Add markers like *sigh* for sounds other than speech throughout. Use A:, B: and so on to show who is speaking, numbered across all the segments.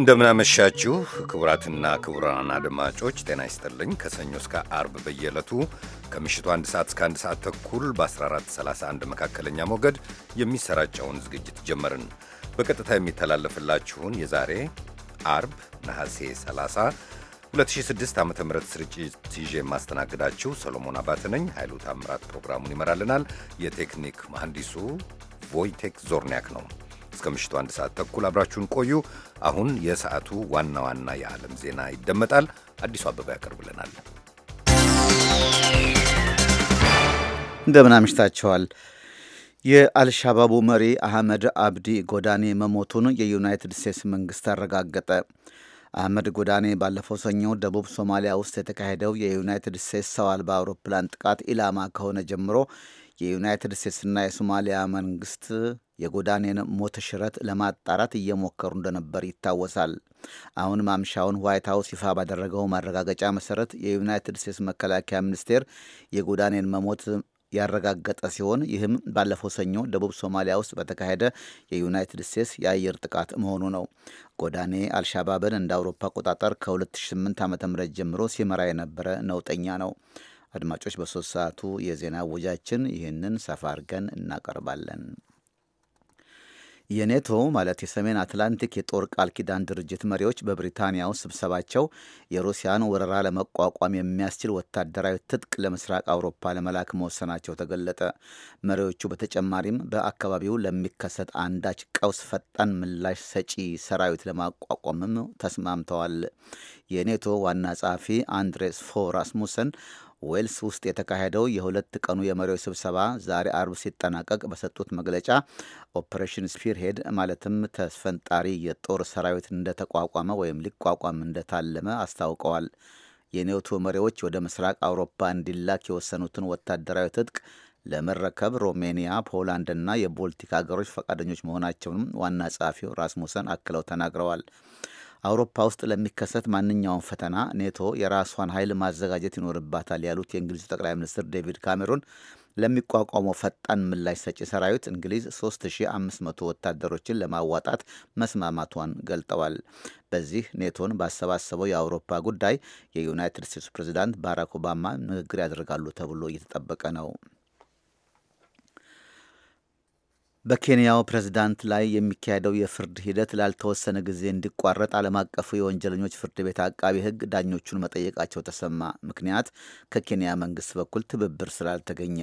A: እንደምናመሻችሁ ክቡራትና ክቡራን አድማጮች ጤና ይስጥልኝ። ከሰኞ እስከ አርብ በየዕለቱ ከምሽቱ አንድ ሰዓት እስከ አንድ ሰዓት ተኩል በ1431 መካከለኛ ሞገድ የሚሰራጨውን ዝግጅት ጀመርን። በቀጥታ የሚተላለፍላችሁን የዛሬ አርብ ነሐሴ 30 2006 ዓ ም ስርጭት ይዤ የማስተናግዳችሁ ሰሎሞን አባት ነኝ። ኃይሉ ታምራት ፕሮግራሙን ይመራልናል። የቴክኒክ መሐንዲሱ ቮይቴክ ዞርኒያክ ነው። እስከ ምሽቱ አንድ ሰዓት ተኩል አብራችሁን ቆዩ። አሁን የሰዓቱ ዋና ዋና የዓለም ዜና ይደመጣል። አዲሱ አበባ ያቀርብልናል።
B: እንደምን አምሽታችኋል። የአልሻባቡ መሪ አህመድ አብዲ ጎዳኔ መሞቱን የዩናይትድ ስቴትስ መንግስት አረጋገጠ። አህመድ ጎዳኔ ባለፈው ሰኞ ደቡብ ሶማሊያ ውስጥ የተካሄደው የዩናይትድ ስቴትስ ሰው አልባ አውሮፕላን ጥቃት ኢላማ ከሆነ ጀምሮ የዩናይትድ ስቴትስና የሶማሊያ መንግስት የጎዳኔን ሞት ሽረት ለማጣራት እየሞከሩ እንደነበር ይታወሳል። አሁን ማምሻውን ዋይት ሀውስ ይፋ ባደረገው ማረጋገጫ መሰረት የዩናይትድ ስቴትስ መከላከያ ሚኒስቴር የጎዳኔን መሞት ያረጋገጠ ሲሆን ይህም ባለፈው ሰኞ ደቡብ ሶማሊያ ውስጥ በተካሄደ የዩናይትድ ስቴትስ የአየር ጥቃት መሆኑ ነው። ጎዳኔ አልሻባብን እንደ አውሮፓ አቆጣጠር ከ2008 ዓ ም ጀምሮ ሲመራ የነበረ ነውጠኛ ነው። አድማጮች፣ በሶስት ሰዓቱ የዜና ውጃችን ይህንን ሰፋ አድርገን እናቀርባለን። የኔቶ ማለት የሰሜን አትላንቲክ የጦር ቃል ኪዳን ድርጅት መሪዎች በብሪታንያው ስብሰባቸው የሩሲያን ወረራ ለመቋቋም የሚያስችል ወታደራዊ ትጥቅ ለምስራቅ አውሮፓ ለመላክ መወሰናቸው ተገለጠ። መሪዎቹ በተጨማሪም በአካባቢው ለሚከሰት አንዳች ቀውስ ፈጣን ምላሽ ሰጪ ሰራዊት ለማቋቋምም ተስማምተዋል። የኔቶ ዋና ጸሐፊ አንድሬስ ፎ ራስሙሰን ዌልስ ውስጥ የተካሄደው የሁለት ቀኑ የመሪዎች ስብሰባ ዛሬ አርብ ሲጠናቀቅ በሰጡት መግለጫ ኦፕሬሽን ስፒርሄድ ማለትም ተስፈንጣሪ የጦር ሰራዊት እንደተቋቋመ ወይም ሊቋቋም እንደታለመ አስታውቀዋል። የኔቶ መሪዎች ወደ ምስራቅ አውሮፓ እንዲላክ የወሰኑትን ወታደራዊ ትጥቅ ለመረከብ ሮሜኒያ፣ ፖላንድና የቦልቲክ ሀገሮች ፈቃደኞች መሆናቸውንም ዋና ጸሐፊው ራስሙሰን አክለው ተናግረዋል። አውሮፓ ውስጥ ለሚከሰት ማንኛውም ፈተና ኔቶ የራሷን ኃይል ማዘጋጀት ይኖርባታል ያሉት የእንግሊዙ ጠቅላይ ሚኒስትር ዴቪድ ካሜሮን ለሚቋቋመው ፈጣን ምላሽ ሰጪ ሰራዊት እንግሊዝ 3500 ወታደሮችን ለማዋጣት መስማማቷን ገልጠዋል። በዚህ ኔቶን ባሰባሰበው የአውሮፓ ጉዳይ የዩናይትድ ስቴትስ ፕሬዚዳንት ባራክ ኦባማ ንግግር ያደርጋሉ ተብሎ እየተጠበቀ ነው። በኬንያው ፕሬዝዳንት ላይ የሚካሄደው የፍርድ ሂደት ላልተወሰነ ጊዜ እንዲቋረጥ ዓለም አቀፉ የወንጀለኞች ፍርድ ቤት አቃቢ ሕግ ዳኞቹን መጠየቃቸው ተሰማ። ምክንያት ከኬንያ መንግስት በኩል ትብብር ስላልተገኘ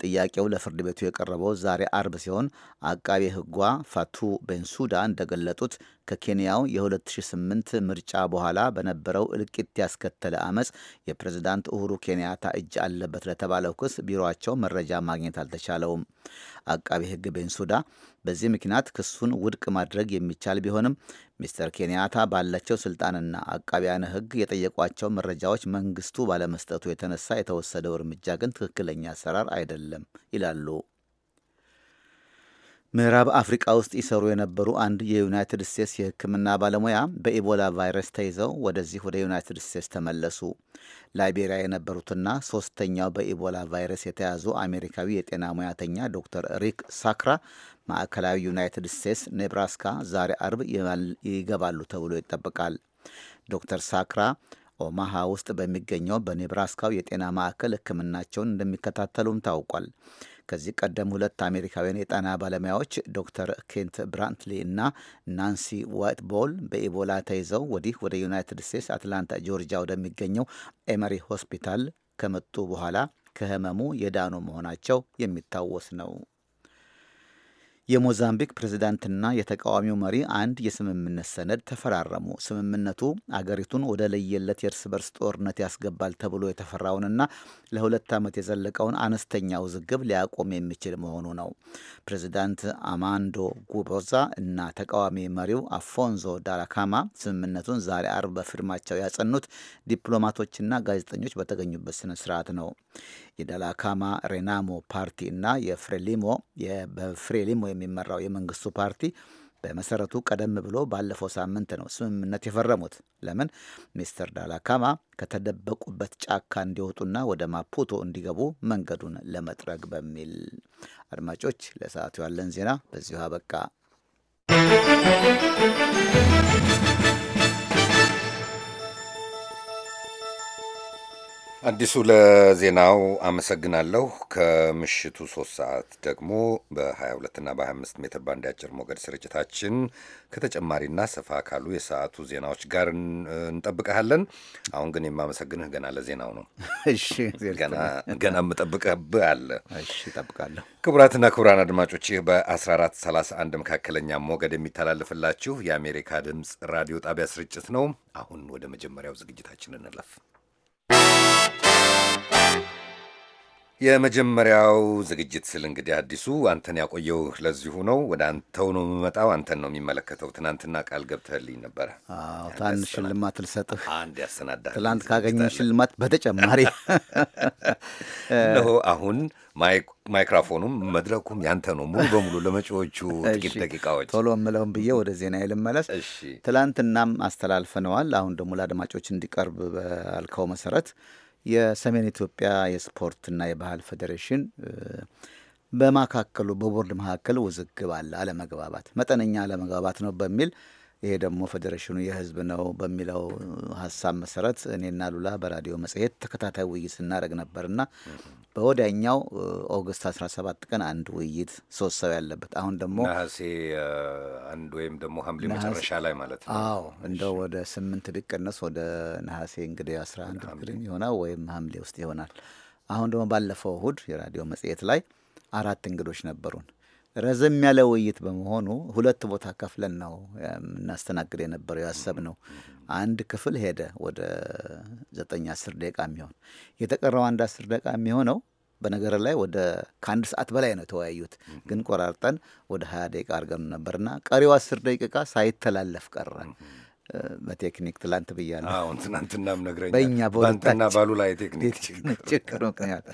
B: ጥያቄው ለፍርድ ቤቱ የቀረበው ዛሬ አርብ ሲሆን አቃቤ ሕጓ ፋቱ ቤንሱዳ እንደገለጡት ከኬንያው የ2008 ምርጫ በኋላ በነበረው እልቂት ያስከተለ አመፅ የፕሬዝዳንት ኡሁሩ ኬንያታ እጅ አለበት ለተባለው ክስ ቢሮቸው መረጃ ማግኘት አልተቻለውም። አቃቤ ሕግ ቤንሱዳ በዚህ ምክንያት ክሱን ውድቅ ማድረግ የሚቻል ቢሆንም ሚስተር ኬንያታ ባላቸው ስልጣንና አቃቢያነ ሕግ የጠየቋቸው መረጃዎች መንግስቱ ባለመስጠቱ የተነሳ የተወሰደው እርምጃ ግን ትክክለኛ አሰራር አይደለም ይላሉ ምዕራብ አፍሪቃ ውስጥ ይሰሩ የነበሩ አንድ የዩናይትድ ስቴትስ የሕክምና ባለሙያ በኢቦላ ቫይረስ ተይዘው ወደዚህ ወደ ዩናይትድ ስቴትስ ተመለሱ። ላይቤሪያ የነበሩትና ሶስተኛው በኢቦላ ቫይረስ የተያዙ አሜሪካዊ የጤና ሙያተኛ ዶክተር ሪክ ሳክራ ማዕከላዊ ዩናይትድ ስቴትስ ኔብራስካ ዛሬ አርብ ይገባሉ ተብሎ ይጠበቃል። ዶክተር ሳክራ ኦማሃ ውስጥ በሚገኘው በኔብራስካው የጤና ማዕከል ሕክምናቸውን እንደሚከታተሉም ታውቋል። ከዚህ ቀደም ሁለት አሜሪካውያን የጤና ባለሙያዎች ዶክተር ኬንት ብራንትሊ እና ናንሲ ዋይትቦል በኢቦላ ተይዘው ወዲህ ወደ ዩናይትድ ስቴትስ አትላንታ ጆርጂያ ወደሚገኘው ኤመሪ ሆስፒታል ከመጡ በኋላ ከህመሙ የዳኑ መሆናቸው የሚታወስ ነው። የሞዛምቢክ ፕሬዚዳንትና የተቃዋሚው መሪ አንድ የስምምነት ሰነድ ተፈራረሙ። ስምምነቱ አገሪቱን ወደ ለየለት የእርስ በርስ ጦርነት ያስገባል ተብሎ የተፈራውንና ለሁለት ዓመት የዘለቀውን አነስተኛ ውዝግብ ሊያቆም የሚችል መሆኑ ነው። ፕሬዝዳንት አማንዶ ጉቦዛ እና ተቃዋሚ መሪው አፎንዞ ዳራካማ ስምምነቱን ዛሬ አርብ በፊርማቸው ያጸኑት ዲፕሎማቶችና ጋዜጠኞች በተገኙበት ስነ ስርዓት ነው። የዳላካማ ሬናሞ ፓርቲ እና የፍሬሊሞ በፍሬሊሞ የሚመራው የመንግስቱ ፓርቲ በመሰረቱ ቀደም ብሎ ባለፈው ሳምንት ነው ስምምነት የፈረሙት። ለምን ሚስተር ዳላካማ ከተደበቁበት ጫካ እንዲወጡና ወደ ማፑቶ እንዲገቡ መንገዱን ለመጥረግ በሚል። አድማጮች፣ ለሰዓቱ ያለን ዜና በዚሁ አበቃ። አዲሱ
A: ለዜናው አመሰግናለሁ። ከምሽቱ ሶስት ሰዓት ደግሞ በ22ና በ25 ሜትር ባንድ ያጭር ሞገድ ስርጭታችን ከተጨማሪና ሰፋ ካሉ የሰዓቱ ዜናዎች ጋር እንጠብቀሃለን። አሁን ግን የማመሰግንህ ገና ለዜናው ነው። *laughs* ገና የምጠብቅህ አለ። እጠብቃለሁ። ክቡራትና ክቡራን አድማጮች ይህ በ1431 መካከለኛ ሞገድ የሚተላለፍላችሁ የአሜሪካ ድምፅ ራዲዮ ጣቢያ ስርጭት ነው። አሁን ወደ መጀመሪያው ዝግጅታችን እንለፍ። የመጀመሪያው ዝግጅት ስል እንግዲህ አዲሱ አንተን ያቆየው ለዚሁ ነው። ወደ አንተው ነው የምመጣው። አንተን ነው የሚመለከተው። ትናንትና ቃል ገብተህልኝ ነበረ።
B: ታንሽ ሽልማት ልሰጥህ አንድ ያሰናዳ ትላንት ካገኘ ሽልማት በተጨማሪ *laughs* እነሆ
A: አሁን ማይክራፎኑም መድረኩም ያንተ ነው ሙሉ በሙሉ
B: ለመጪዎቹ ጥቂት ደቂቃዎች። ቶሎ ምለውም ብዬ ወደ ዜና ልመለስ። ትላንትናም አስተላልፈነዋል። አሁን ደግሞ ለአድማጮች እንዲቀርብ ባልከው መሰረት የሰሜን ኢትዮጵያ የስፖርትና የባህል ፌዴሬሽን በማካከሉ በቦርድ መካከል ውዝግብ አለ፣ አለመግባባት መጠነኛ አለመግባባት ነው በሚል ይሄ ደግሞ ፌዴሬሽኑ የህዝብ ነው በሚለው ሀሳብ መሰረት እኔና ሉላ በራዲዮ መጽሔት ተከታታይ ውይይት ስናደረግ ነበርና በወዲያኛው ኦገስት 17 ቀን አንድ ውይይት ሶስት ሰው ያለበት አሁን ደግሞ ነሐሴ አንድ ወይም ደግሞ ሐምሌ መጨረሻ ላይ ማለት ነው። አዎ እንደው ወደ ስምንት ቢቀነስ ወደ ነሐሴ እንግዲህ 11 ቢቅድም ይሆናል ወይም ሐምሌ ውስጥ ይሆናል። አሁን ደግሞ ባለፈው እሁድ የራዲዮ መጽሔት ላይ አራት እንግዶች ነበሩን። ረዘም ያለ ውይይት በመሆኑ ሁለት ቦታ ከፍለን ነው የምናስተናግድ የነበረው ያሰብነው። አንድ ክፍል ሄደ ወደ ዘጠኝ አስር ደቂቃ የሚሆን የተቀረው አንድ አስር ደቂቃ የሚሆነው በነገር ላይ ወደ ከአንድ ሰዓት በላይ ነው የተወያዩት፣ ግን ቆራርጠን ወደ ሀያ ደቂቃ አድርገን ነበርና ቀሪው አስር ደቂቃ ሳይተላለፍ ቀረ። በቴክኒክ ትላንት ብያለሁ። ትናንትናም በእኛ ባሉ ላይ ቴክኒክ ችግር ምክንያት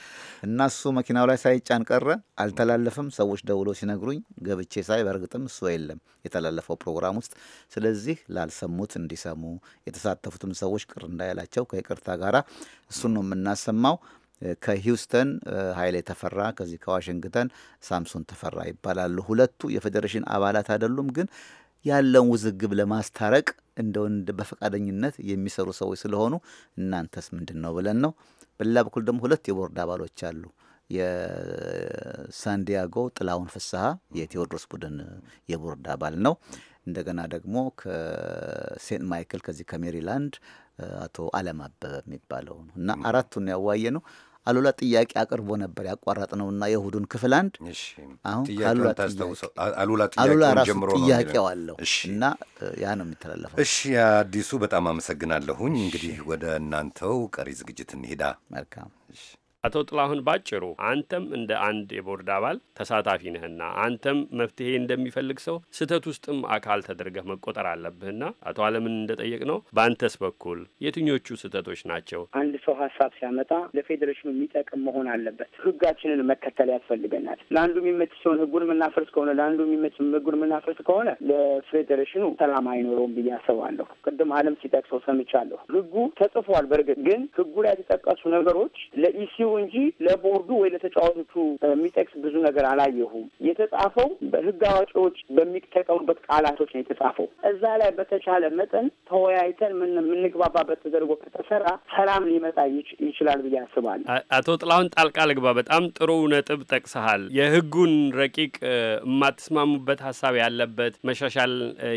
B: እና እሱ መኪናው ላይ ሳይጫን ቀረ። አልተላለፈም። ሰዎች ደውሎ ሲነግሩኝ ገብቼ ሳይ በእርግጥም እሱ የለም የተላለፈው ፕሮግራም ውስጥ። ስለዚህ ላልሰሙት እንዲሰሙ የተሳተፉትም ሰዎች ቅር እንዳያላቸው ከይቅርታ ጋራ እሱን ነው የምናሰማው። ከሂውስተን ኃይሌ ተፈራ፣ ከዚህ ከዋሽንግተን ሳምሶን ተፈራ ይባላሉ። ሁለቱ የፌዴሬሽን አባላት አይደሉም፣ ግን ያለውን ውዝግብ ለማስታረቅ እንደ ወንድ በፈቃደኝነት የሚሰሩ ሰዎች ስለሆኑ እናንተስ ምንድን ነው ብለን ነው። በሌላ በኩል ደግሞ ሁለት የቦርድ አባሎች አሉ። የሳንዲያጎ ጥላውን ፍስሀ የቴዎድሮስ ቡድን የቦርድ አባል ነው። እንደገና ደግሞ ከሴንት ማይክል ከዚህ ከሜሪላንድ አቶ አለም አበበ የሚባለው እና አራቱን ያዋየ ነው። አሉላ ጥያቄ አቅርቦ ነበር ያቋረጥ እና የእሁዱን ክፍል አንድ አሁን
A: አሉላ ራሱ ጥያቄው አለው
B: እና ያ ነው የሚተላለፈው። እሺ
A: አዲሱ በጣም አመሰግናለሁኝ። እንግዲህ ወደ እናንተው ቀሪ ዝግጅት እንሄዳ። መልካም
C: አቶ ጥላሁን ባጭሩ አንተም እንደ አንድ የቦርድ አባል ተሳታፊ ነህና አንተም መፍትሄ እንደሚፈልግ ሰው ስህተት ውስጥም አካል ተደርገህ መቆጠር አለብህና አቶ አለምን እንደጠየቅ ነው። በአንተስ በኩል የትኞቹ ስህተቶች ናቸው?
D: አንድ ሰው ሀሳብ ሲያመጣ ለፌዴሬሽኑ የሚጠቅም መሆን አለበት። ህጋችንን መከተል ያስፈልገናል። ለአንዱ የሚመች ሲሆን ህጉን የምናፈርስ ከሆነ ለአንዱ የሚመች ህጉን የምናፈርስ ከሆነ ለፌዴሬሽኑ ሰላም አይኖረውም ብዬ አስባለሁ። ቅድም አለም ሲጠቅሰው ሰምቻለሁ። ህጉ ተጽፏል። በእርግጥ ግን ህጉ ላይ የተጠቀሱ ነገሮች ለኢሲዩ እንጂ ለቦርዱ ወይ ለተጫዋቾቹ የሚጠቅስ ብዙ ነገር አላየሁም። የተጻፈው በህግ አዋቂዎች በሚጠቀሙበት ቃላቶች ነው የተጻፈው። እዛ ላይ በተቻለ መጠን ተወያይተን የምንግባባበት ተደርጎ ከተሰራ ሰላም ሊመጣ ሊያሳይ ይችላል ብዬ አስባለሁ።
C: አቶ ጥላሁን ጣልቃ ልግባ። በጣም ጥሩ ነጥብ ጠቅሰሃል። የህጉን ረቂቅ የማትስማሙበት ሀሳብ ያለበት መሻሻል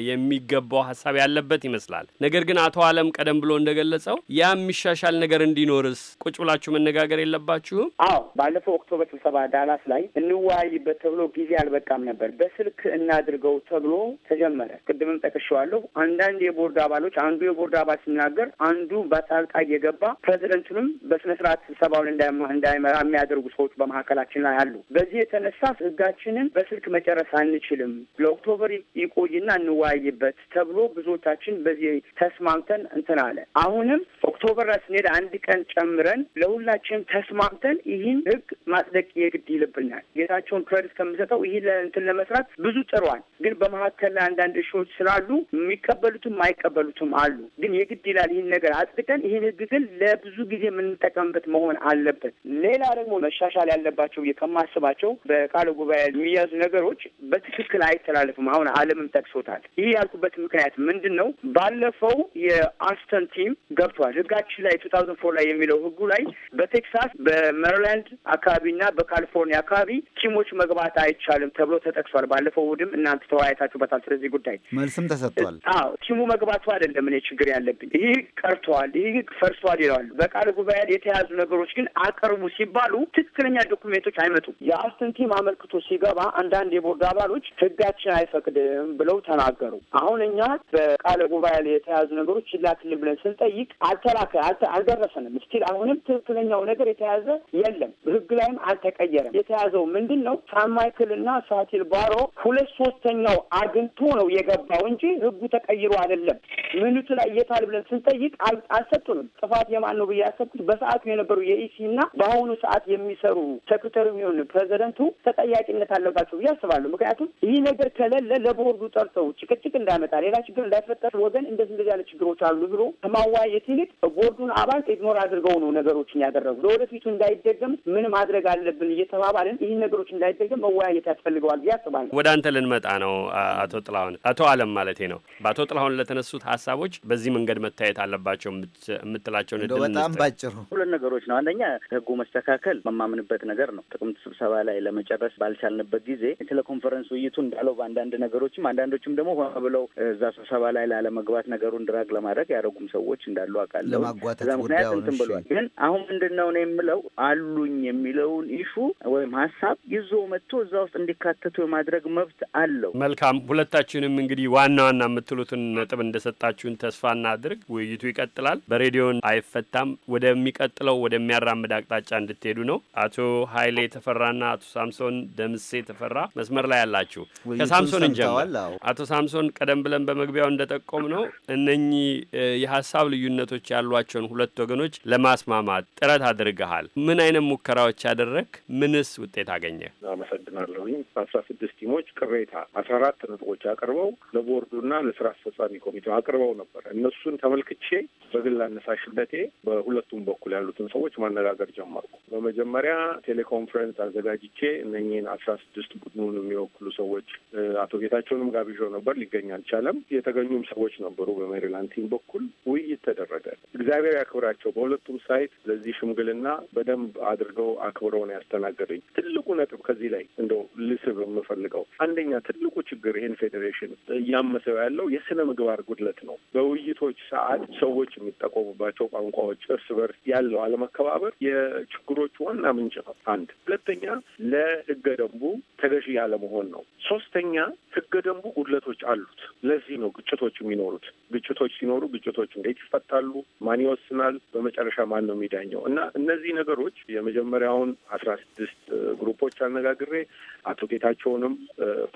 C: የሚገባው ሀሳብ ያለበት ይመስላል። ነገር ግን አቶ አለም ቀደም ብሎ እንደገለጸው ያ የሚሻሻል ነገር እንዲኖርስ ቁጭ ብላችሁ መነጋገር የለባችሁም?
D: አዎ፣ ባለፈው ኦክቶበር ስብሰባ ዳላስ ላይ እንወያይበት ተብሎ ጊዜ አልበቃም ነበር። በስልክ እናድርገው ተብሎ ተጀመረ። ቅድምም ጠቅሼዋለሁ። አንዳንድ የቦርድ አባሎች አንዱ የቦርድ አባል ሲናገር አንዱ በጣልቃ እየገባ ፕሬዚደንት ፕሬዚደንቱንም በስነ ስርዓት ስብሰባውን እንዳይመራ የሚያደርጉ ሰዎች በመካከላችን ላይ አሉ። በዚህ የተነሳ ህጋችንን በስልክ መጨረስ አንችልም። ለኦክቶበር ይቆይና እንወያይበት ተብሎ ብዙዎቻችን በዚህ ተስማምተን እንትን አለ። አሁንም ኦክቶበር ላይ ስንሄድ አንድ ቀን ጨምረን ለሁላችንም ተስማምተን ይህን ህግ ማጽደቅ የግድ ይልብናል። ጌታቸውን ክሬዲት ከምሰጠው ይህን እንትን ለመስራት ብዙ ጥሯል። ግን በመካከል ላይ አንዳንድ እሾች ስላሉ የሚቀበሉትም አይቀበሉትም አሉ። ግን የግድ ይላል ይህን ነገር አጽድቀን ይህን ህግ ግን ለብዙ ብዙ ጊዜ የምንጠቀምበት መሆን አለበት። ሌላ ደግሞ መሻሻል ያለባቸው ብዬ ከማስባቸው በቃለ ጉባኤ የሚያዙ ነገሮች በትክክል አይተላለፍም። አሁን ዓለምም ጠቅሶታል። ይህ ያልኩበት ምክንያት ምንድን ነው? ባለፈው የአርስተን ቲም ገብቷል ህጋችን ላይ ቱ ታውዘንድ ፎር ላይ የሚለው ህጉ ላይ በቴክሳስ በሜሪላንድ አካባቢና በካሊፎርኒያ አካባቢ ቲሞች መግባት አይቻልም ተብሎ ተጠቅሷል። ባለፈው እሑድም እናንተ ተወያይታችሁበታል። ስለዚህ ጉዳይ
B: መልስም ተሰጥቷል።
D: አዎ ቲሙ መግባቱ አይደለም እኔ ችግር ያለብኝ ይህ ቀርቷል፣ ይህ ፈርሷል ይለዋል። በቃለ ጉባኤ የተያዙ ነገሮች ግን አቅርቡ ሲባሉ ትክክለኛ ዶኩሜንቶች አይመጡም። የአስትን ቲም አመልክቶ ሲገባ አንዳንድ የቦርድ አባሎች ህጋችን አይፈቅድም ብለው ተናገሩ። አሁን እኛ በቃለ ጉባኤ የተያዙ ነገሮች ይላክልን ብለን ስንጠይቅ አልተላከ አልደረሰንም። ስቲል አሁንም ትክክለኛው ነገር የተያዘ የለም። ህግ ላይም አልተቀየረም። የተያዘው ምንድን ነው? ማይክል እና ሳቲል ባሮ ሁለት ሶስተኛው አግኝቶ ነው የገባው እንጂ ህጉ ተቀይሮ አይደለም። ምንቱ ላይ የታል ብለን ስንጠይቅ አልሰጡንም። ጥፋት የማን ነው ብዬ ያሰብኩት በሰዓቱ የነበሩ የኢሲ እና በአሁኑ ሰዓት የሚሰሩ ሴክሬታሪ የሚሆን ፕሬዚደንቱ ተጠያቂነት አለባቸው ብዬ አስባለሁ። ምክንያቱም ይህ ነገር ከሌለ ለቦርዱ ጠርተው ጭቅጭቅ እንዳይመጣ፣ ሌላ ችግር እንዳይፈጠር ወገን እንደዚህ እንደዚህ ያለ ችግሮች አሉ ብሎ ከማዋየት ይልቅ ቦርዱን አባል ኢግኖር አድርገው ነው ነገሮችን ያደረጉ። ለወደፊቱ እንዳይደገም ምን ማድረግ አለብን እየተባባልን ይህ ነገሮች እንዳይደገም መወያየት ያስፈልገዋል ብዬ አስባለሁ።
C: ወደ አንተ ልንመጣ ነው አቶ ጥላሁን አቶ አለም ማለቴ ነው። በአቶ ጥላሁን ለተነሱት ሀሳቦች በዚህ መንገድ መታየት አለባቸው የምትላቸውን እድል በጣም ባጭሩ
B: ሁለት ነገሮች ነው። አንደኛ ህጉ
D: መስተካከል መማምንበት ነገር ነው። ጥቅምት ስብሰባ ላይ ለመጨረስ ባልቻልንበት ጊዜ የቴሌኮንፈረንስ ውይይቱ እንዳለው በአንዳንድ ነገሮችም አንዳንዶችም ደግሞ ሆነ ብለው እዛ ስብሰባ ላይ ላለመግባት ነገሩን ድራግ ለማድረግ ያደረጉም ሰዎች እንዳሉ አውቃለሁ።
B: ለማጓተት ምክንያት እንትን ብሏል። ግን
D: አሁን ምንድን ነው ነው የምለው አሉኝ የሚለውን ኢሹ ወይም ሀሳብ ይዞ መጥቶ እዛ ውስጥ እንዲካተቱ የማድረግ
C: መብት አለው። መልካም ሁለታችሁንም እንግዲህ ዋና ዋና የምትሉትን ነጥብ እንደሰጣችሁን ተስፋ እናድርግ። ውይይቱ ይቀጥላል። በሬዲዮን አይፈታም። ወደሚቀጥለው ወደሚያራምድ አቅጣጫ እንድትሄዱ ነው። አቶ ሀይሌ ተፈራና አቶ ሳምሶን ደምሴ ተፈራ መስመር ላይ ያላችሁ ከሳምሶን እንጀምር። አቶ ሳምሶን ቀደም ብለን በመግቢያው እንደጠቆም ነው እነኚህ የሀሳብ ልዩነቶች ያሏቸውን ሁለት ወገኖች ለማስማማት ጥረት አድርገሃል። ምን አይነት ሙከራዎች ያደረግ? ምንስ ውጤት አገኘ?
E: አመሰግናለሁኝ። አስራ ስድስት ቲሞች ቅሬታ አስራ አራት ነጥቦች አቅርበው ለቦርዱና ለስራ አስፈጻሚ ኮሚቴው አቅርበው ነበር። እነሱን ተመልክቼ በግል አነሳሽነቴ በሁለቱም በኩል ያሉትን ሰዎች ማነጋገር ጀመርኩ። በመጀመሪያ ቴሌኮንፈረንስ አዘጋጅቼ እነኝህን አስራ ስድስት ቡድኑን የሚወክሉ ሰዎች አቶ ጌታቸውንም ጋብዣው ነበር። ሊገኝ አልቻለም። የተገኙም ሰዎች ነበሩ። በሜሪላንድ ቲም በኩል ውይይት ተደረገ። እግዚአብሔር ያክብራቸው። በሁለቱም ሳይት ለዚህ ሽምግልና በደንብ አድርገው አክብረው ነው ያስተናገደኝ። ትልቁ ነጥብ ከዚህ ላይ እንደው ልስብ የምፈልገው አንደኛ ትልቁ ችግር ይህን ፌዴሬሽን እያመሰው ያለው የስነ ምግባር ጉድለት ነው። በውይይቶች ሰዓት ሰዎች የሚጠቆሙባቸው ቋንቋዎች እርስ በርስ ያለው አለመከባበር የችግሮች ዋና ምንጭ ነው። አንድ ሁለተኛ ለህገ ደንቡ ተገዢ ያለመሆን ነው። ሶስተኛ ህገ ደንቡ ጉድለቶች አሉት። ለዚህ ነው ግጭቶች የሚኖሩት። ግጭቶች ሲኖሩ ግጭቶች እንዴት ይፈታሉ? ማን ይወስናል? በመጨረሻ ማን ነው የሚዳኘው? እና እነዚህ ነገሮች የመጀመሪያውን አስራ ስድስት ግሩፖች አነጋግሬ አቶ ጌታቸውንም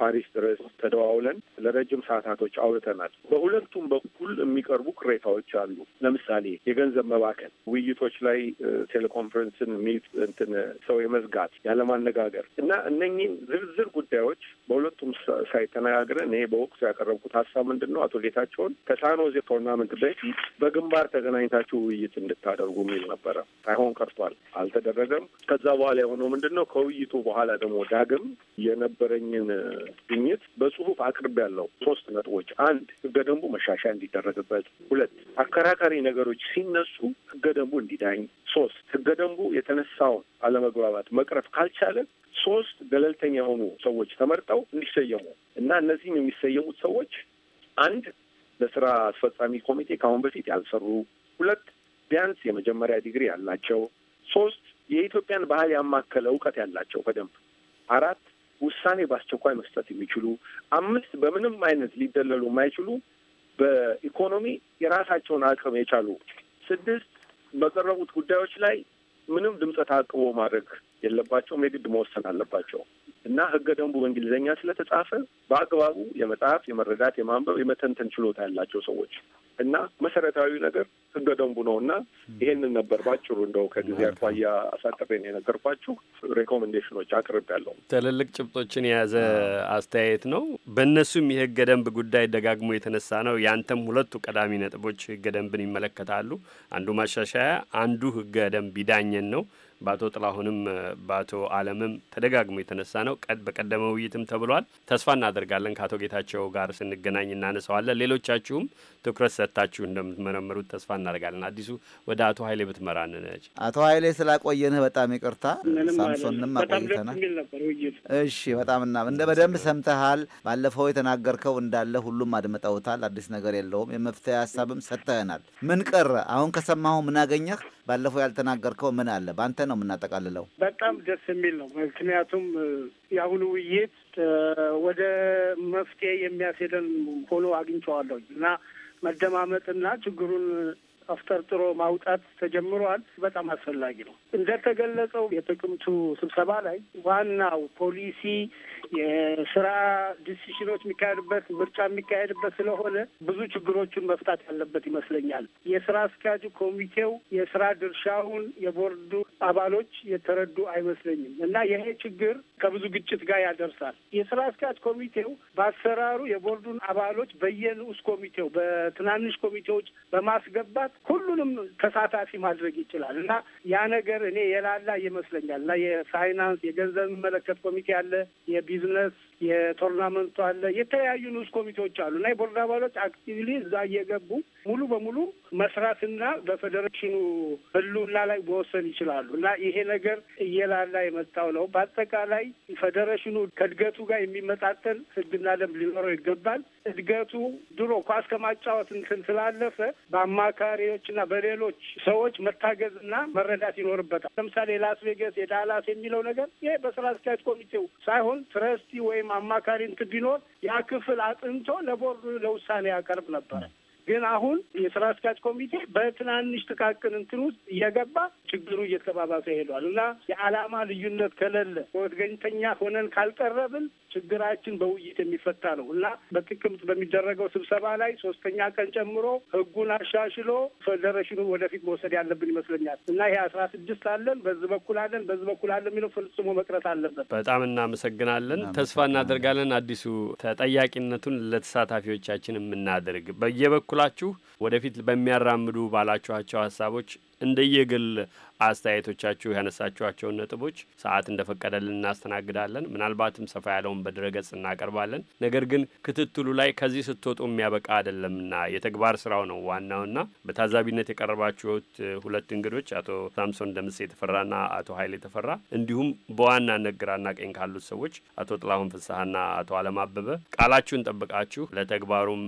E: ፓሪስ ድረስ ተደዋውለን ለረጅም ሰዓታቶች አውርተናል። በሁለቱም በኩል የሚቀርቡ ቅሬታዎች አሉ። ለምሳሌ የገንዘብ መባከ መበተን፣ ውይይቶች ላይ ቴሌኮንፈረንስን ሚት እንትን ሰው የመዝጋት ያለማነጋገር እና እነኚህን ዝርዝር ጉዳዮች በሁለቱም ተነጋግረን ይሄ በወቅቱ ያቀረብኩት ሀሳብ ምንድን ነው? አቶ ጌታቸውን ከሳኖዜ ቶርናመንት በፊት በግንባር ተገናኝታችሁ ውይይት እንድታደርጉ የሚል ነበረ። ሳይሆን ቀርቷል፣ አልተደረገም። ከዛ በኋላ የሆነው ምንድን ነው? ከውይይቱ በኋላ ደግሞ ዳግም የነበረኝን ግኝት በጽሁፍ አቅርብ ያለው ሶስት ነጥቦች፣ አንድ ህገ ደንቡ መሻሻያ እንዲደረግበት፣ ሁለት አከራካሪ ነገሮች ሲነሱ ህገ ደንቡ እንዲዳኝ፣ ሶስት ህገ ደንቡ የተነሳውን አለመግባባት መቅረፍ ካልቻለ ሶስት ገለልተኛ የሆኑ ሰዎች ተመርጠው እንዲሰየሙ እና እነዚህም የሚሰየሙት ሰዎች አንድ ለስራ አስፈጻሚ ኮሚቴ ከአሁን በፊት ያልሰሩ፣ ሁለት ቢያንስ የመጀመሪያ ዲግሪ ያላቸው፣ ሶስት የኢትዮጵያን ባህል ያማከለ እውቀት ያላቸው በደንብ፣ አራት ውሳኔ በአስቸኳይ መስጠት የሚችሉ፣ አምስት በምንም አይነት ሊደለሉ የማይችሉ በኢኮኖሚ የራሳቸውን አቅም የቻሉ፣ ስድስት በቀረቡት ጉዳዮች ላይ ምንም ድምፀ ተአቅቦ ማድረግ የለባቸውም። የግድ መወሰን አለባቸው። እና ህገ ደንቡ በእንግሊዝኛ ስለተጻፈ በአግባቡ የመጻፍ የመረዳት፣ የማንበብ፣ የመተንተን ችሎታ ያላቸው ሰዎች እና መሰረታዊ ነገር ህገ ደንቡ ነው እና ይሄንን ነበር ባጭሩ እንደው ከጊዜ አኳያ አሳጥሬን የነገርኳችሁ። ሬኮሜንዴሽኖች አቅርብ ያለው
C: ትልልቅ ጭብጦችን የያዘ አስተያየት ነው። በእነሱም የህገ ደንብ ጉዳይ ደጋግሞ የተነሳ ነው። ያንተም ሁለቱ ቀዳሚ ነጥቦች ህገ ደንብን ይመለከታሉ። አንዱ ማሻሻያ፣ አንዱ ህገ ደንብ ይዳኘን ነው። በአቶ ጥላሁንም በአቶ አለምም ተደጋግሞ የተነሳ ነው። በቀደመ ውይይትም ተብሏል። ተስፋ እናደርጋለን ከአቶ ጌታቸው ጋር ስንገናኝ እናነሳዋለን። ሌሎቻችሁም ትኩረት ሰጥታችሁ እንደምትመረምሩት ተስፋ እናደርጋለን። አዲሱ ወደ አቶ ኃይሌ ብትመራን ነች።
B: አቶ ኃይሌ ስላቆየንህ በጣም ይቅርታ። ሳምሶንም አቆይተናል። እሺ፣ በጣም እና እንደ በደንብ ሰምተሃል። ባለፈው የተናገርከው እንዳለ ሁሉም አድምጠውታል። አዲስ ነገር የለውም። የመፍትሄ ሀሳብም ሰጥተህናል። ምን ቀረ? አሁን ከሰማሁ ምን አገኘህ? ባለፈው ያልተናገርከው ምን አለ? በአንተ ነው የምናጠቃልለው።
F: በጣም ደስ የሚል ነው። ምክንያቱም የአሁኑ ውይይት ወደ መፍትሄ የሚያስሄደን ሆኖ አግኝቼዋለሁ እና መደማመጥና ችግሩን አፍጠርጥሮ ማውጣት ተጀምሯል። በጣም አስፈላጊ ነው። እንደተገለጸው የጥቅምቱ ስብሰባ ላይ ዋናው ፖሊሲ የስራ ዲሲሽኖች የሚካሄድበት ምርጫ የሚካሄድበት ስለሆነ ብዙ ችግሮቹን መፍታት ያለበት ይመስለኛል። የስራ አስኪያጁ ኮሚቴው የስራ ድርሻውን የቦርዱ አባሎች የተረዱ አይመስለኝም እና ይሄ ችግር ከብዙ ግጭት ጋር ያደርሳል። የስራ አስኪያጅ ኮሚቴው በአሰራሩ የቦርዱን አባሎች በየንዑስ ኮሚቴው በትናንሽ ኮሚቴዎች በማስገባት ሁሉንም ተሳታፊ ማድረግ ይችላል እና ያ ነገር እኔ የላላ ይመስለኛል እና የፋይናንስ የገንዘብ የሚመለከት ኮሚቴ አለ፣ የቢዝነስ የቶርናመንቱ አለ የተለያዩ ንዑስ ኮሚቴዎች አሉ እና የቦርድ አባሎች አክቲቭሊ እዛ እየገቡ ሙሉ በሙሉ መስራትና በፌዴሬሽኑ ህልውና ላይ መወሰን ይችላሉ እና ይሄ ነገር እየላላ የመጣው ነው። በአጠቃላይ ፌዴሬሽኑ ከእድገቱ ጋር የሚመጣጠን ህግና ደንብ ሊኖረው ይገባል። እድገቱ ድሮ ኳስ ከማጫወት እንትን ስላለፈ በአማካሪዎች በሌሎች ሰዎች መታገዝ መረዳት ይኖርበታል። ለምሳሌ ላስ የዳላስ የሚለው ነገር ይሄ በስራ አስኪያጅ ኮሚቴው ሳይሆን ትረስቲ ወይም ወይም አማካሪ እንትን ቢኖር ያ ክፍል አጥንቶ ለቦርዱ ለውሳኔ ያቀርብ ነበረ። ግን አሁን የስራ አስኪያጅ ኮሚቴ በትናንሽ ጥቃቅን እንትን ውስጥ እየገባ ችግሩ እየተባባሰ ሄዷል እና የዓላማ ልዩነት ከሌለ ወገንተኛ ሆነን ካልቀረብን ችግራችን በውይይት የሚፈታ ነው እና በጥቅምት በሚደረገው ስብሰባ ላይ ሶስተኛ ቀን ጨምሮ ህጉን አሻሽሎ ፌዴሬሽኑ ወደፊት መውሰድ ያለብን ይመስለኛል እና ይሄ አስራ ስድስት አለን፣ በዚህ በኩል አለን፣ በዚህ በኩል አለን የሚለው ፈጽሞ መቅረት አለበት።
C: በጣም እናመሰግናለን። ተስፋ እናደርጋለን አዲሱ ተጠያቂነቱን ለተሳታፊዎቻችን የምናደርግ በየበኩ በበኩላችሁ ወደፊት በሚያራምዱ ባላችኋቸው ሀሳቦች እንደየግል አስተያየቶቻችሁ ያነሳችኋቸውን ነጥቦች ሰዓት እንደፈቀደልን እናስተናግዳለን። ምናልባትም ሰፋ ያለውን በድረገጽ እናቀርባለን። ነገር ግን ክትትሉ ላይ ከዚህ ስትወጡ የሚያበቃ አይደለምና የተግባር ስራው ነው ዋናውና በታዛቢነት የቀረባችሁት ሁለት እንግዶች አቶ ሳምሶን ደምስ የተፈራና አቶ ሀይል የተፈራ እንዲሁም በዋና ግራና ቀኝ ካሉት ሰዎች አቶ ጥላሁን ፍስሀና አቶ አለም አበበ ቃላችሁን ጠብቃችሁ ለተግባሩም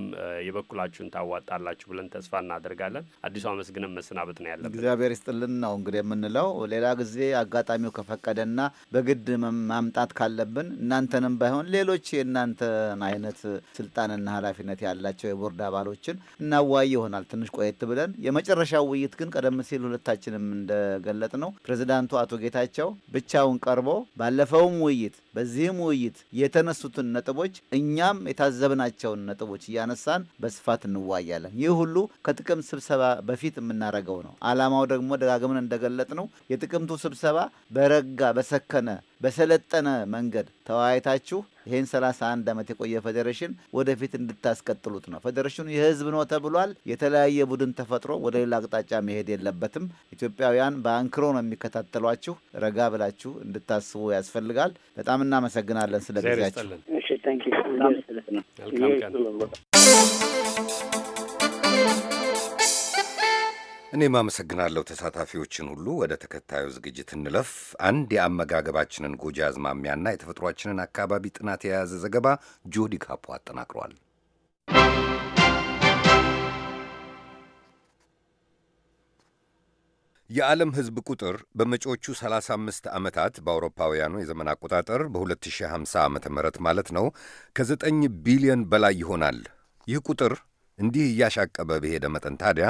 C: የበኩላችሁን ታዋጣላችሁ ብለን ተስፋ እናደርጋለን። አዲሱ አመስግንም መሰናበት ነው ያለብን።
B: እግዚአብሔር ይስጥልን ነው እንግዲህ የምንለው። ሌላ ጊዜ አጋጣሚው ከፈቀደና በግድ ማምጣት ካለብን እናንተንም ባይሆን ሌሎች የእናንተን አይነት ስልጣንና ኃላፊነት ያላቸው የቦርድ አባሎችን እናዋይ ይሆናል ትንሽ ቆየት ብለን። የመጨረሻው ውይይት ግን ቀደም ሲል ሁለታችንም እንደገለጥ ነው ፕሬዚዳንቱ አቶ ጌታቸው ብቻውን ቀርቦ ባለፈውም ውይይት በዚህም ውይይት የተነሱትን ነጥቦች እኛም የታዘብናቸውን ነጥቦች እያነሳን በስፋት እንዋያለን። ይህ ሁሉ ከጥቅም ስብሰባ በፊት የምናደርገው ነው። ዓላማው ደግሞ ደጋግመን እንደገለጥ ነው የጥቅምቱ ስብሰባ በረጋ በሰከነ በሰለጠነ መንገድ ተወያይታችሁ ይህን 31 ዓመት የቆየ ፌዴሬሽን ወደፊት እንድታስቀጥሉት ነው። ፌዴሬሽኑ የህዝብ ነው ተብሏል። የተለያየ ቡድን ተፈጥሮ ወደ ሌላ አቅጣጫ መሄድ የለበትም። ኢትዮጵያውያን በአንክሮ ነው የሚከታተሏችሁ። ረጋ ብላችሁ እንድታስቡ ያስፈልጋል። በጣም እናመሰግናለን ስለ ጊዜያችሁ።
A: እኔም አመሰግናለሁ ተሳታፊዎችን ሁሉ። ወደ ተከታዩ ዝግጅት እንለፍ። አንድ የአመጋገባችንን ጎጂ አዝማሚያና የተፈጥሯችንን አካባቢ ጥናት የያዘ ዘገባ ጆዲ ካፖ አጠናቅሯል። የዓለም ሕዝብ ቁጥር በመጪዎቹ 35 ዓመታት በአውሮፓውያኑ የዘመን አቆጣጠር በ2050 ዓ ም ማለት ነው ከ9 ቢሊዮን በላይ ይሆናል። ይህ ቁጥር እንዲህ እያሻቀበ በሄደ መጠን ታዲያ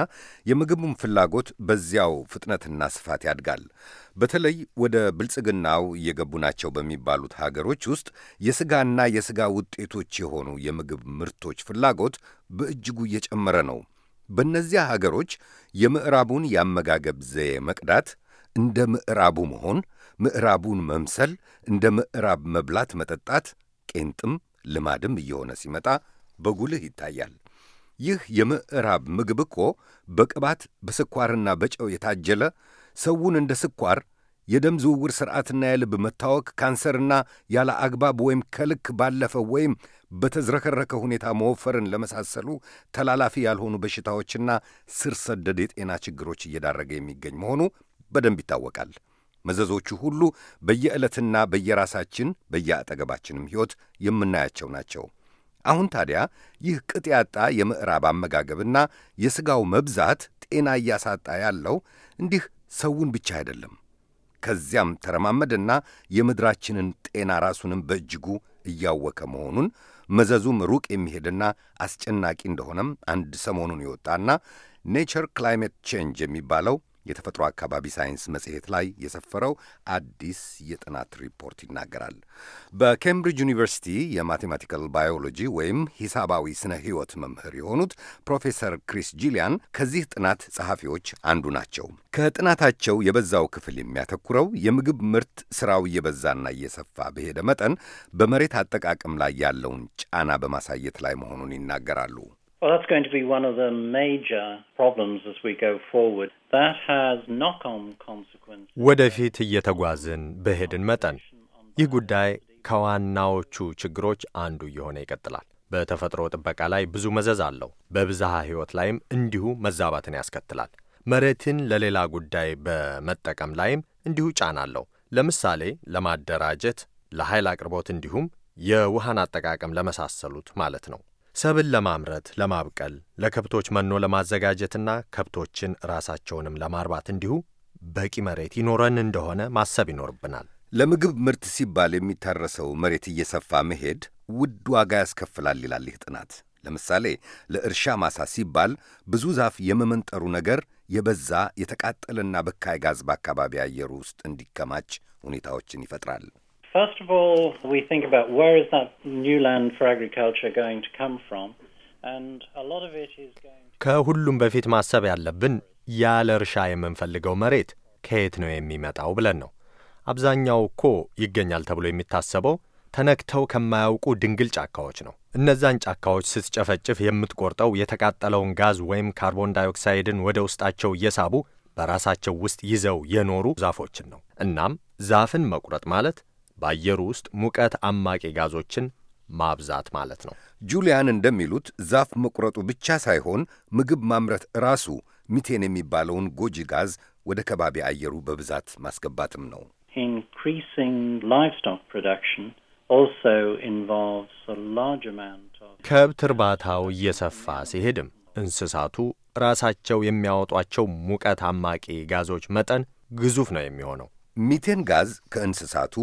A: የምግቡን ፍላጎት በዚያው ፍጥነትና ስፋት ያድጋል። በተለይ ወደ ብልጽግናው እየገቡ ናቸው በሚባሉት ሀገሮች ውስጥ የስጋና የስጋ ውጤቶች የሆኑ የምግብ ምርቶች ፍላጎት በእጅጉ እየጨመረ ነው። በእነዚያ ሀገሮች የምዕራቡን የአመጋገብ ዘዬ መቅዳት፣ እንደ ምዕራቡ መሆን፣ ምዕራቡን መምሰል፣ እንደ ምዕራብ መብላት፣ መጠጣት ቄንጥም ልማድም እየሆነ ሲመጣ በጉልህ ይታያል። ይህ የምዕራብ ምግብ እኮ በቅባት በስኳርና በጨው የታጀለ ሰውን እንደ ስኳር የደም ዝውውር ሥርዓትና የልብ መታወክ ካንሰርና ያለ አግባብ ወይም ከልክ ባለፈ ወይም በተዝረከረከ ሁኔታ መወፈርን ለመሳሰሉ ተላላፊ ያልሆኑ በሽታዎችና ስር ሰደድ የጤና ችግሮች እየዳረገ የሚገኝ መሆኑ በደንብ ይታወቃል። መዘዞቹ ሁሉ በየዕለትና በየራሳችን በየአጠገባችንም ሕይወት የምናያቸው ናቸው። አሁን ታዲያ ይህ ቅጥ ያጣ የምዕራብ አመጋገብና የሥጋው መብዛት ጤና እያሳጣ ያለው እንዲህ ሰውን ብቻ አይደለም። ከዚያም ተረማመደና የምድራችንን ጤና ራሱንም በእጅጉ እያወከ መሆኑን መዘዙም ሩቅ የሚሄድና አስጨናቂ እንደሆነም አንድ ሰሞኑን የወጣና ኔቸር ክላይሜት ቼንጅ የሚባለው የተፈጥሮ አካባቢ ሳይንስ መጽሔት ላይ የሰፈረው አዲስ የጥናት ሪፖርት ይናገራል። በኬምብሪጅ ዩኒቨርሲቲ የማቴማቲካል ባዮሎጂ ወይም ሂሳባዊ ስነ ሕይወት መምህር የሆኑት ፕሮፌሰር ክሪስ ጂሊያን ከዚህ ጥናት ጸሐፊዎች አንዱ ናቸው። ከጥናታቸው የበዛው ክፍል የሚያተኩረው የምግብ ምርት ስራው እየበዛና እየሰፋ በሄደ መጠን በመሬት አጠቃቀም ላይ ያለውን ጫና በማሳየት ላይ መሆኑን ይናገራሉ።
F: Well, that's going to be one of the major problems as we go forward. That has knock-on consequences.
G: ወደፊት እየተጓዝን በሄድን መጠን ይህ ጉዳይ ከዋናዎቹ ችግሮች አንዱ እየሆነ ይቀጥላል። በተፈጥሮ ጥበቃ ላይ ብዙ መዘዝ አለው። በብዝሃ ሕይወት ላይም እንዲሁ መዛባትን ያስከትላል። መሬትን ለሌላ ጉዳይ በመጠቀም ላይም እንዲሁ ጫና አለው። ለምሳሌ ለማደራጀት፣ ለኃይል አቅርቦት እንዲሁም የውሃን አጠቃቀም ለመሳሰሉት ማለት ነው። ሰብል ለማምረት ለማብቀል፣ ለከብቶች መኖ ለማዘጋጀትና ከብቶችን ራሳቸውንም ለማርባት እንዲሁ በቂ መሬት ይኖረን እንደሆነ ማሰብ ይኖርብናል።
A: ለምግብ ምርት ሲባል የሚታረሰው መሬት እየሰፋ መሄድ ውድ ዋጋ ያስከፍላል ይላል ይህ ጥናት። ለምሳሌ ለእርሻ ማሳ ሲባል ብዙ ዛፍ የመመንጠሩ ነገር የበዛ የተቃጠለና በካይ ጋዝ በአካባቢ አየሩ ውስጥ እንዲከማች
G: ሁኔታዎችን ይፈጥራል።
F: First of all, we think about where is that new land for agriculture going to come from? And a lot of it is going
G: to... ከሁሉም በፊት ማሰብ ያለብን ያለ እርሻ የምንፈልገው መሬት ከየት ነው የሚመጣው ብለን ነው። አብዛኛው እኮ ይገኛል ተብሎ የሚታሰበው ተነክተው ከማያውቁ ድንግል ጫካዎች ነው። እነዛን ጫካዎች ስትጨፈጭፍ የምትቆርጠው የተቃጠለውን ጋዝ ወይም ካርቦን ዳይኦክሳይድን ወደ ውስጣቸው እየሳቡ በራሳቸው ውስጥ ይዘው የኖሩ ዛፎችን ነው። እናም ዛፍን መቁረጥ ማለት በአየሩ ውስጥ ሙቀት አማቂ ጋዞችን ማብዛት ማለት ነው።
A: ጁሊያን እንደሚሉት ዛፍ መቁረጡ ብቻ ሳይሆን ምግብ ማምረት ራሱ ሚቴን የሚባለውን ጎጂ ጋዝ ወደ ከባቢ አየሩ በብዛት ማስገባትም ነው።
G: ከብት እርባታው እየሰፋ ሲሄድም እንስሳቱ ራሳቸው የሚያወጧቸው ሙቀት አማቂ ጋዞች መጠን ግዙፍ ነው የሚሆነው። ሚቴን
A: ጋዝ ከእንስሳቱ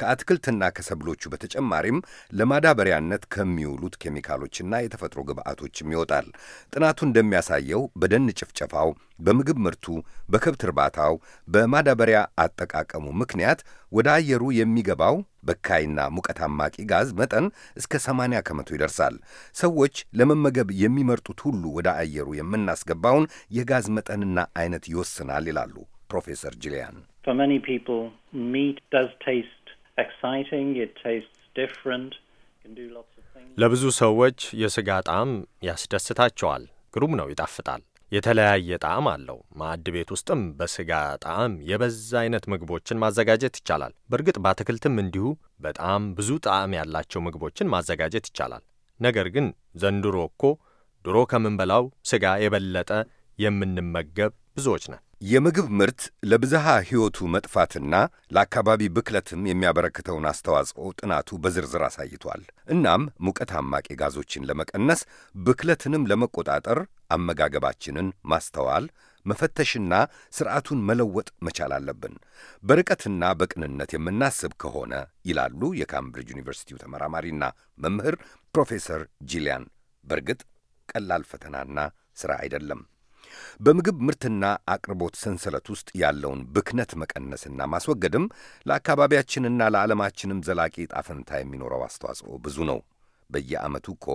A: ከአትክልትና ከሰብሎቹ በተጨማሪም ለማዳበሪያነት ከሚውሉት ኬሚካሎችና የተፈጥሮ ግብዓቶችም ይወጣል። ጥናቱ እንደሚያሳየው በደን ጭፍጨፋው፣ በምግብ ምርቱ፣ በከብት እርባታው፣ በማዳበሪያ አጠቃቀሙ ምክንያት ወደ አየሩ የሚገባው በካይና ሙቀት አማቂ ጋዝ መጠን እስከ 80 ከመቶ ይደርሳል። ሰዎች ለመመገብ የሚመርጡት ሁሉ ወደ አየሩ የምናስገባውን የጋዝ መጠንና አይነት ይወስናል ይላሉ ፕሮፌሰር ጂሊያን።
F: For many people, meat does taste exciting, it tastes different.
G: ለብዙ ሰዎች የስጋ ጣዕም ያስደስታቸዋል። ግሩም ነው፣ ይጣፍጣል። የተለያየ ጣዕም አለው። ማዕድ ቤት ውስጥም በስጋ ጣዕም የበዛ አይነት ምግቦችን ማዘጋጀት ይቻላል። በእርግጥ በአትክልትም እንዲሁ በጣም ብዙ ጣዕም ያላቸው ምግቦችን ማዘጋጀት ይቻላል። ነገር ግን ዘንድሮ እኮ ድሮ ከምንበላው ስጋ የበለጠ የምንመገብ ብዙዎች ነን።
A: የምግብ ምርት ለብዝሃ ሕይወቱ መጥፋትና ለአካባቢ ብክለትም የሚያበረክተውን አስተዋጽኦ ጥናቱ በዝርዝር አሳይቷል። እናም ሙቀት አማቂ ጋዞችን ለመቀነስ ብክለትንም ለመቆጣጠር አመጋገባችንን ማስተዋል መፈተሽና ስርዓቱን መለወጥ መቻል አለብን በርቀትና በቅንነት የምናስብ ከሆነ ይላሉ የካምብሪጅ ዩኒቨርሲቲው ተመራማሪና መምህር ፕሮፌሰር ጂሊያን። በእርግጥ ቀላል ፈተናና ሥራ አይደለም። በምግብ ምርትና አቅርቦት ሰንሰለት ውስጥ ያለውን ብክነት መቀነስና ማስወገድም ለአካባቢያችንና ለዓለማችንም ዘላቂ ጣፈንታ የሚኖረው አስተዋጽኦ ብዙ ነው። በየዓመቱ እኮ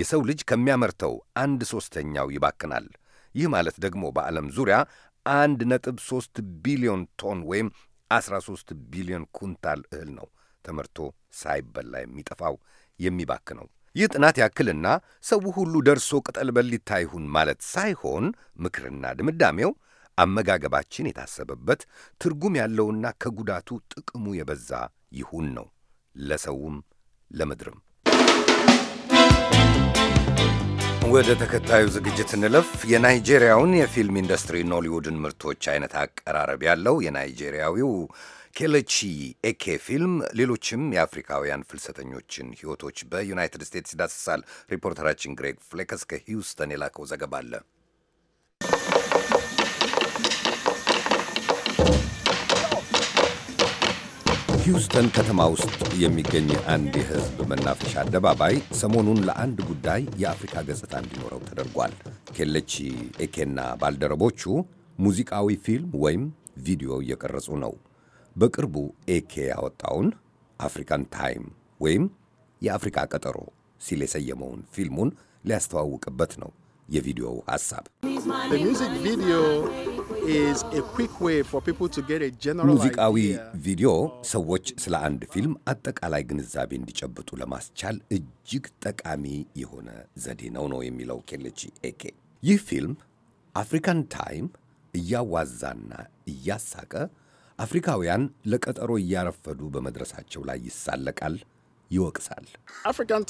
A: የሰው ልጅ ከሚያመርተው አንድ ሦስተኛው ይባክናል። ይህ ማለት ደግሞ በዓለም ዙሪያ አንድ ነጥብ ሦስት ቢሊዮን ቶን ወይም 13 ቢሊዮን ኩንታል እህል ነው ተመርቶ ሳይበላ የሚጠፋው የሚባክነው። ይህ ጥናት ያክልና ሰው ሁሉ ደርሶ ቅጠል በሊታ ይሁን ማለት ሳይሆን ምክርና ድምዳሜው አመጋገባችን የታሰበበት ትርጉም ያለውና ከጉዳቱ ጥቅሙ የበዛ ይሁን ነው፣ ለሰውም ለምድርም። ወደ ተከታዩ ዝግጅት እንለፍ። የናይጄሪያውን የፊልም ኢንዱስትሪ ኖሊውድን ምርቶች አይነት አቀራረብ ያለው የናይጄሪያዊው ኬለቺ ኤኬ ፊልም ሌሎችም የአፍሪካውያን ፍልሰተኞችን ሕይወቶች በዩናይትድ ስቴትስ ይዳስሳል። ሪፖርተራችን ግሬግ ፍሌከስ ከሂውስተን የላከው ዘገባ አለ። ሂውስተን ከተማ ውስጥ የሚገኝ አንድ የህዝብ መናፈሻ አደባባይ ሰሞኑን ለአንድ ጉዳይ የአፍሪካ ገጽታ እንዲኖረው ተደርጓል። ኬለቺ ኤኬና ባልደረቦቹ ሙዚቃዊ ፊልም ወይም ቪዲዮ እየቀረጹ ነው። በቅርቡ ኤኬ ያወጣውን አፍሪካን ታይም ወይም የአፍሪካ ቀጠሮ ሲል የሰየመውን ፊልሙን ሊያስተዋውቅበት ነው። የቪዲዮው ሐሳብ ሙዚቃዊ ቪዲዮ ሰዎች ስለ አንድ ፊልም አጠቃላይ ግንዛቤ እንዲጨብጡ ለማስቻል እጅግ ጠቃሚ የሆነ ዘዴ ነው ነው የሚለው ኬሌቺ ኤኬ። ይህ ፊልም አፍሪካን ታይም እያዋዛና እያሳቀ አፍሪካውያን ለቀጠሮ እያረፈዱ በመድረሳቸው ላይ ይሳለቃል፣ ይወቅሳል። አፍሪካን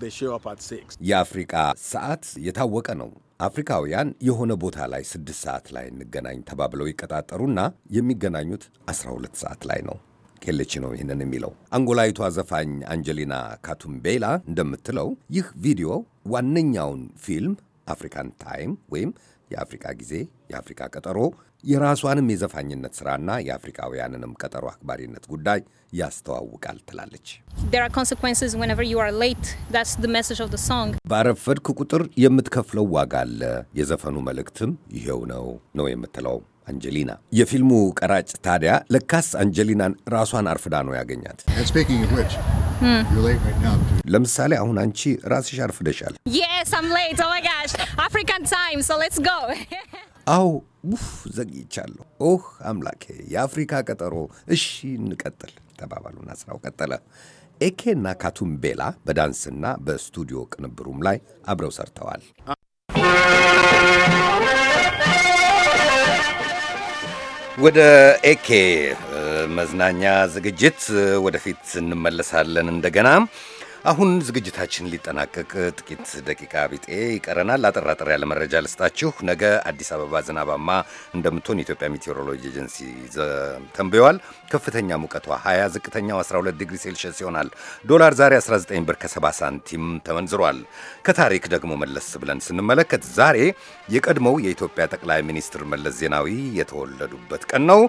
C: eh, oh,
A: የአፍሪካ ሰዓት የታወቀ ነው። አፍሪካውያን የሆነ ቦታ ላይ ስድስት ሰዓት ላይ እንገናኝ ተባብለው ይቀጣጠሩና የሚገናኙት 12 ሰዓት ላይ ነው። ኬሌች ነው ይህንን የሚለው። አንጎላዊቷ ዘፋኝ አንጀሊና ካቱምቤላ እንደምትለው ይህ ቪዲዮ ዋነኛውን ፊልም አፍሪካን ታይም ወይም የአፍሪካ ጊዜ የአፍሪካ ቀጠሮ የራሷንም የዘፋኝነት ስራና የአፍሪካውያንንም ቀጠሮ አክባሪነት ጉዳይ ያስተዋውቃል ትላለች። ባረፈድክ ቁጥር የምትከፍለው ዋጋ አለ፣ የዘፈኑ መልእክትም ይኸው ነው ነው የምትለው አንጀሊና። የፊልሙ ቀራጭ ታዲያ ለካስ አንጀሊናን ራሷን አርፍዳ ነው ያገኛት። Hmm. ለምሳሌ አሁን አንቺ ራስሽ አርፍደሻል። አዎ ውፍ ዘግይቻለሁ። ኦህ አምላኬ፣ የአፍሪካ ቀጠሮ። እሺ እንቀጥል ተባባሉና ስራው ቀጠለ። ኤኬና ካቱምቤላ በዳንስና በስቱዲዮ ቅንብሩም ላይ አብረው ሰርተዋል። ወደ ኤኬ መዝናኛ ዝግጅት ወደፊት እንመለሳለን እንደገና። አሁን ዝግጅታችን ሊጠናቀቅ ጥቂት ደቂቃ ቢጤ ይቀረናል። አጠር አጠር ያለ መረጃ ልስጣችሁ። ነገ አዲስ አበባ ዝናባማ እንደምትሆን የኢትዮጵያ ሜቴሮሎጂ ኤጀንሲ ተንብየዋል። ከፍተኛ ሙቀቷ 20፣ ዝቅተኛው 12 ዲግሪ ሴልሽስ ይሆናል። ዶላር ዛሬ 19 ብር ከ70 ሳንቲም ተመንዝሯል። ከታሪክ ደግሞ መለስ ብለን ስንመለከት ዛሬ የቀድሞው የኢትዮጵያ ጠቅላይ ሚኒስትር መለስ ዜናዊ የተወለዱበት ቀን ነው።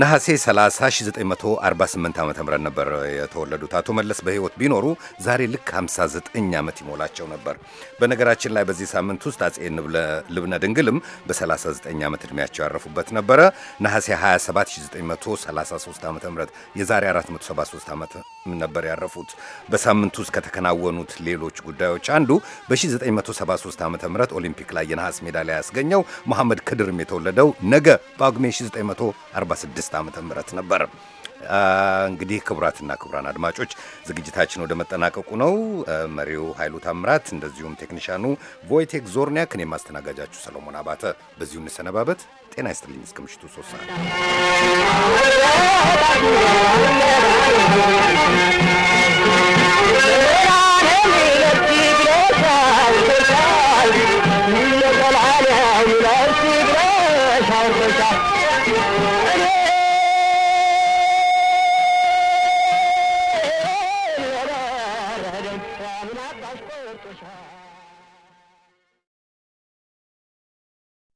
A: ነሐሴ 30 1948 ዓ ም ነበር የተወለዱት። አቶ መለስ በሕይወት ቢኖሩ ዛሬ ልክ 59 ዓመት ይሞላቸው ነበር። በነገራችን ላይ በዚህ ሳምንት ውስጥ አጼ ልብነ ድንግልም በ39 ዓመት ዕድሜያቸው ያረፉበት ነበረ። ነሐሴ 27 1933 ዓ ም የዛሬ 473 ዓመት ነበር ያረፉት። በሳምንት ውስጥ ከተከናወኑት ሌሎች ጉዳዮች አንዱ በ1973 ዓ ም ኦሊምፒክ ላይ የነሐስ ሜዳሊያ ያስገኘው መሐመድ ክድርም የተወለደው ነገ በጳጉሜ 1940 2016 ዓ ም ነበር። እንግዲህ ክቡራትና ክቡራን አድማጮች ዝግጅታችን ወደ መጠናቀቁ ነው። መሪው ኃይሉ ታምራት፣ እንደዚሁም ቴክኒሻኑ ቮይቴክ ዞርኒያክ፣ እኔም ማስተናጋጃችሁ ሰለሞን አባተ በዚሁ እንሰነባበት። ጤና ይስጥልኝ። እስከ ምሽቱ ሶስት ሰዓት Thank you.